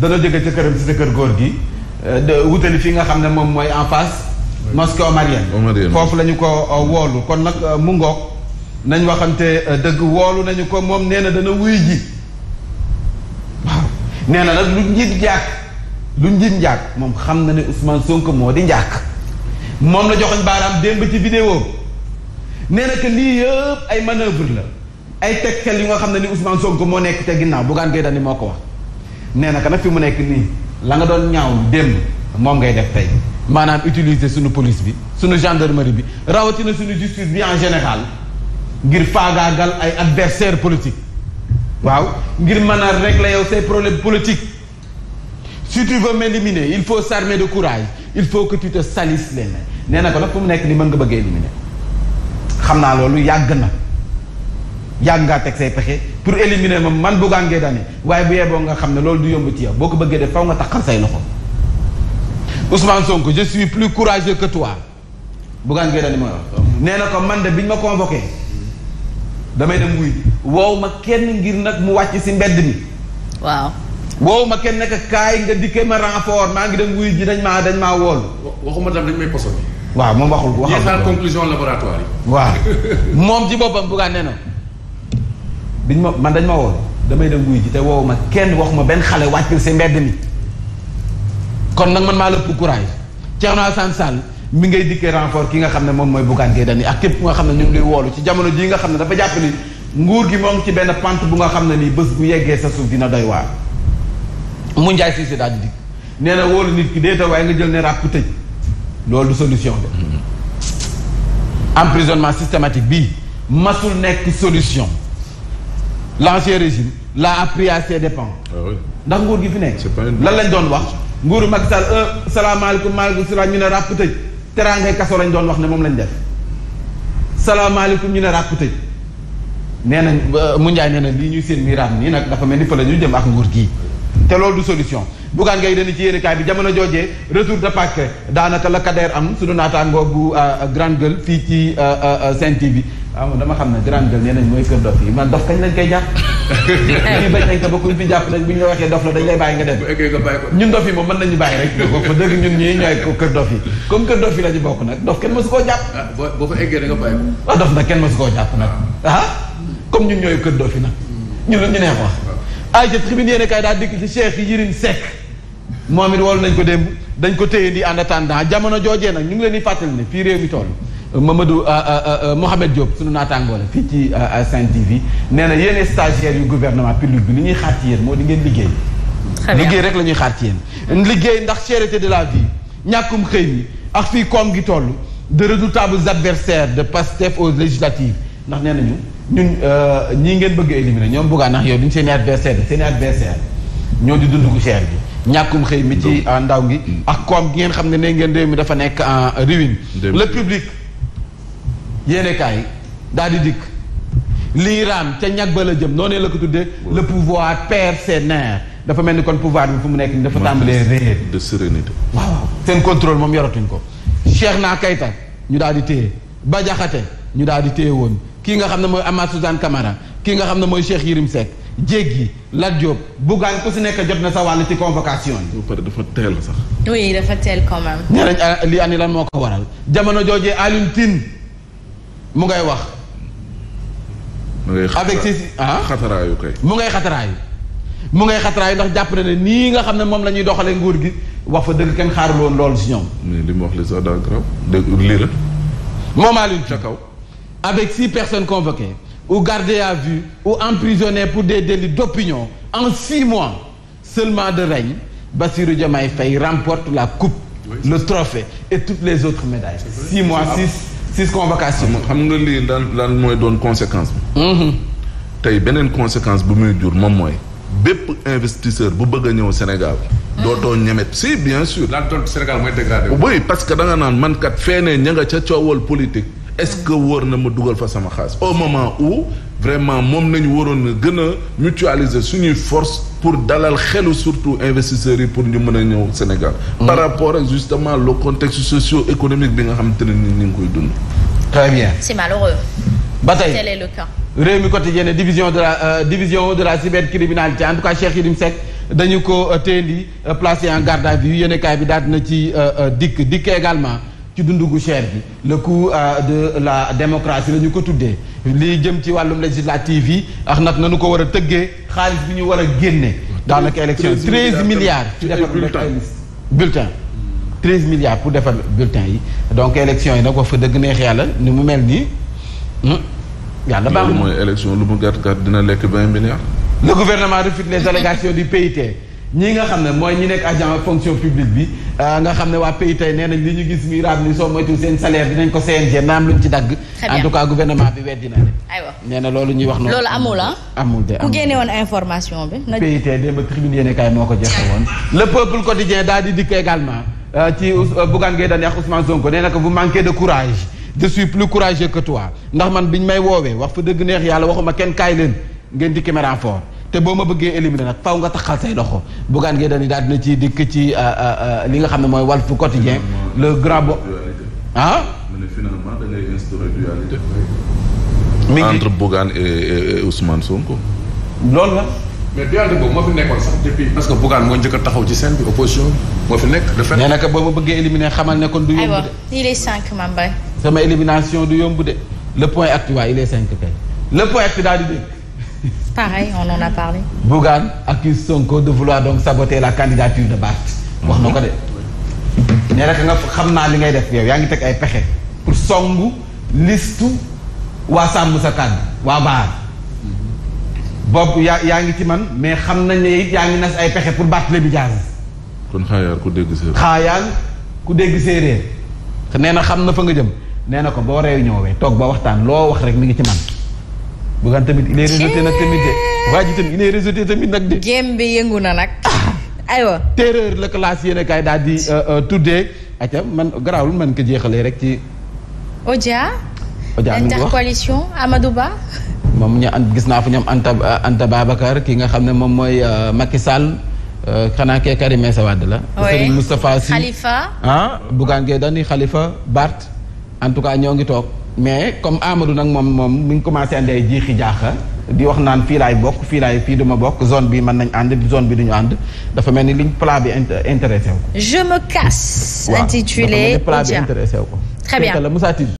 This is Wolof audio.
dana jóge ca këram si sa kër góor gi euh, wutali fii nga xam ne moom mooy en face mosquée omarienne foofu lañu ko euh, woolu kon nag euh, mu ngoog nañ waxante dëgg woolu nañu ko moom nee na dana wuy ji waaw nee na nag lu njiit njaak lu njiit njaak moom xam na ne Ousmane Sonko moo di njaak moom na joxoñ baaraam démb ci vidéo nee na que lii yëpp ay manœuvre la ay tegtal yu nga xam ne ni Ousmane Sonko moo nekk te ginnaaw Bougane Gueye Dany moo ko wax nee na ka nag fi mu nekk nii la nga doon ñaaw démb moom ngay def tey maanaam utiliser suñu police bi suñu gendarmerie bi rawatina suñu justice bi en général ngir faagaagal ay adversaire politique waaw ngir mën a régler yow say problème politique su tu veux m'éliminer il faut s'armer de courage il faut que tu te salisses les mains nee na ko nag fu mu nekk nii mën nga bëgg éliminer xam naa loolu yàgg na yàgg ngaa teg say pexe pour éliminer ma man Bougane Gueye Dany waaye bu yeboo nga xam ne loolu du yomb ci yow boo ko bëggee def faw nga taxal say loxo Ousmane Sonko je suis plus courageux que toi Bougane Gueye Dany mooy wax nee na ko man de biñ ma convoqué damay dem wuy woow ma kenn ngir nag mu wàcc si mbedd mi waaw woow ma kenn nekk kaay nga dikkee ma renfort maa ngi dem wuy ji dañ maa dañ maa woolu waxuma dam dañ may poson waa moom waxul waxal conclusion laboratoire yi waaw moom ci boppam Bougane nee na biñ ma man dañ ma woon damay dem wuy ji te woowu ma kenn waxuma benn xale wàccil si mbedd ni kon nag man maa lëpp courage Thierno Alassane Sall mi ngay dikkee renfort ki nga xam ne moom mooy Bougane Gueye Dany ak képp ku nga xam ne ñu ngi luy woolu ci jamono jii nga xam ne dafa jàpp ni nguur gi moom ci benn pante bu nga xam ne nii bës bu yeggee sa suuf dina doy waar mu njaay si si daal di dikk nee na wóolu nit ki déeta waaye nga jël ne ràpp tëj loolu solution de mm-hmm. emprisonnement systématique bii masul nekk solution l'ancien régime l'a appris à ses dépens. Ah ndax nguur gi fi nekk. lan lañ doon wax. nguuru Macky Sall un euh, salaamaaleykum maaleykum salaam ñu ne ràpp tëj. teraangay kaso lañ doon wax ne moom lañ def. salaamaaleykum ñu ne ràpp tëj. nee nañ euh, mu Ndiaye nee na lii ñuy seen mii nii nag dafa mel ni fa la ñu jëm ak nguur gii. te loolu du solution. bugaan ngay dana ci yéenekaay bi jamono joojee retour de Pâques daanaka la Kader am sunu naataangoo bu euh, grande gueule fii ci Sen TV bi. waaw ah, moom dama xam ne grande gueule nee nañ mooy kër dof yi man dof kañ lañ koy jàpp ñuy bañ nañ ko ba ñu la waxee dof la dañ lay bàyyi nga dem ñun dof yi moom mën nañu bàyyi rek ko fa dëgg ñun ñii ñooy kër dof yi comme kër dof yi la bokk nag dof kenn mësu koo jàpp ah, boo fa eggee da nga bàyyi ah, koo jàpp nag comme ñun ñooy kër dof yi nag ñun la ñu neex wax ay ca tribune yéen kay daal dikk ci Cheikh Yirim Seck moom it wol nañ ko démb dañ ko téye di en attendant jamono joojee nag ñu ngi leen di fàttali ne fii réew mi Mamadou euh, euh, euh, Mohamed Diop suñu naataangoo la fii ci Sen TV nee na yéen stagiaires yu gouvernement public bi li ñuy xaar ci moo di ngeen liggéey. liggéey rek la ñuy xaar ci yéen. liggéey ndax cherté de la vie ñàkkum xëy mi ak fii koom gi toll de redoutables adversaires de Pastef aux législatives ndax nee ñu ñun ñii ngeen bëgg éliminer ñoom buggaa ndax yow duñ ñu i adversaire seen i adversaire ñoo di dund gu cher bi. ñàkkum xëy mi ci ndaw gi. ak koom gi ngeen xam ne ne ngeen réew mi dafa nekk en ruine. le yéenekaay daal di dikk lii ca ñag ba la jëm noonee la ko tuddee le pouvoir perd seen nerfs dafa mel ni kon pouvoir bi fu mu nekk ni dafa tàmbalee réer de sérénité waaw seen contrôle moom yoratuñ ko Cheikh naa Kayta ñu daal di téye ba jaxate ñu daal di téye woon kii nga xam ne mooy Amath Suzanne Camara kii nga xam ne mooy Cheikh Yirim Seck jéggi Lat Diop Bougane ku si nekk jot na sa wàll ci convocation yi. ba pare dafa teel sax. oui dafa teel quand même. nee ah, lii ani lan moo ko waral jamono joojee mu ngay wax. mu ngay xataraayu avec ses ah xataraayu kay. mu ngay xataraayu mu ngay xataraayu ndax jàpp na ne nii nga xam ne moom la ñuy doxalee nguur gi wax fa dëgg kenn xaarul woon loolu si ñoom. mais li mu wax li sax daa garaaw dégg lii la. moom Alioune ca kaw. avec six personnes convoquées ou gardées à vue ou emprisonnées pour des délits d'opinion en six mois seulement de règne Bassirou Diomaye fay remporte la coupe. le trophée et toutes les autres médailles. six mois six. six convocations. Ah, xam nga lii daan daan mooy doon conséquence bi. Mm-hmm. tey beneen conséquence bu muy jur moom mooy bépp investisseur bu bëgg a ñëw Sénégal. Mm-hmm. dootoo ñemet si bien sûr. la doon Sénégal mooy dégradé. oui parce que da nga naan mankat kat feenee ña nga ca coowal politique. est-ce que wóor na ma dugal fa sama xaalis au moment où vraiment moom nañu waroon na gën a mutualiser suñuy force pour dalal xelu surtout investisseurs yi pour ñu mën a ñëw Sénégal. Mm. par rapport ak justement le contexte socio-économique bi nga xamante ne ni ñu ngi koy dund. très bien c'est malheureux. ba tey tel réew mi quotidien division de la euh, division de la cybercriminalité en tout cas Cheikh Yérim Seck dañu ko euh, téendi euh, placé en garde à vue yéenekaay bi daal na ci dikk dikk également. ci dundu gu cher gi le coût euh, de la démocratie la ñu ko tuddee li jëm ci wàllum législative yi ak nag nanu ko war a tëggee xaalis bi ñu war a génne daanaka élection treize milliards ci defar bulletin treize milliards pour defar bultin yi donc élection yi nag ko fa dëgg neex yàlla ni mu mel nii hmm, yàlla baax na mooy élection lu mu gàtt gàtt dina lekk vingt milliards le gouvernement refute les allégations du PIT ñii nga xam ne mooy ñi nekk agent fonction publique bi euh, nga xam ne waa pays tey nee nañ li ñu gis muy raab ni soo moytu seen salaire dinañ ko CNG naam luñ ci dagg. en tout cas gouvernement bi weddi na de. aywa loolu ñuy wax noonu. loolu amul ah amul de ku génne woon information bi. na pays tey démb tribune yéene kaay moo ko joxe woon. le peuple quotidien daal di dikk également euh, ci euh, Bougane Gueye Dany ak Ousmane Sonko nee na ko vous manquez de courage je suis ndax man biñ may woowee wax fa dëgg neex yàlla waxuma kenn kaay leen ngeen di caméra fort. te boo ma bëggee éliminer nag faaw nga taxal say loxo Bougane Gueye Dany daal dina ci dikk ci euh, euh, euh, li nga xam ne mooy Walf Quotidien le grand bo ah finalement da ngay instaurer dualité mi la mais moo nekkoon sax parce que Bougane moo njëkk taxaw ci scène bi opposition moo fi nekk de fait na que boo bëggee éliminer xamal ne kon du yomb de il sama élimination du yomb de le point actu waaye il est cinq kay le point daal di dégg pareil on en a parlé. Bougane accuse Sonko de vouloir donc saboter la candidature de Barth. wax na ko de. ne rek nga xam naa li ngay def yow yaa ngi teg ay pexe pour songu listu waa Sàmm sa kàddu waa Baar. boobu yaa yaa ngi ci man mais xam nañ ne it yaa ngi nas ay pexe pour Barthélémy Dias. kon xaayaal ku dégg séeréer. xaayaal ku dégg séeréer. nee na xam na fa nga jëm nee na ko boo réew ñëwee toog ba waxtaan loo wax rek mu ngi ci man. Bougane tamit il est rejeté nag tamit de. waa ji tamit il est rejeté tamit nag de. jéem bi yëngu na nag. Ah. aywa terreur la classe yéen a daal di euh, euh, tuddee. ayca man garaawul man ko jeexalee rek ci. Odia. Odia mi moom gis naa fa ñoom Anta euh, Anta Babacar ki nga xam ne moom mooy Macky Sall. xanaa kee Karim Meïssa Wade la. Serigne Moustapha Sy Khalifa. ah Bougane Gueye Dany Khalifa Bart en tout cas ñoo ngi toog. mais comme Amadou nag moom moom mi ngi commencé andi ay jiixi jaaxa di wax naan fii bokk fii laay fii duma bokk zone bi mën nañ ànd zone bi duñu ànd dafa mel ni liñ plat bi intéressé wu ko. je me casse. intitulé Odia waaw dafa bi intéressé wu ko. très bien la Moussa Tine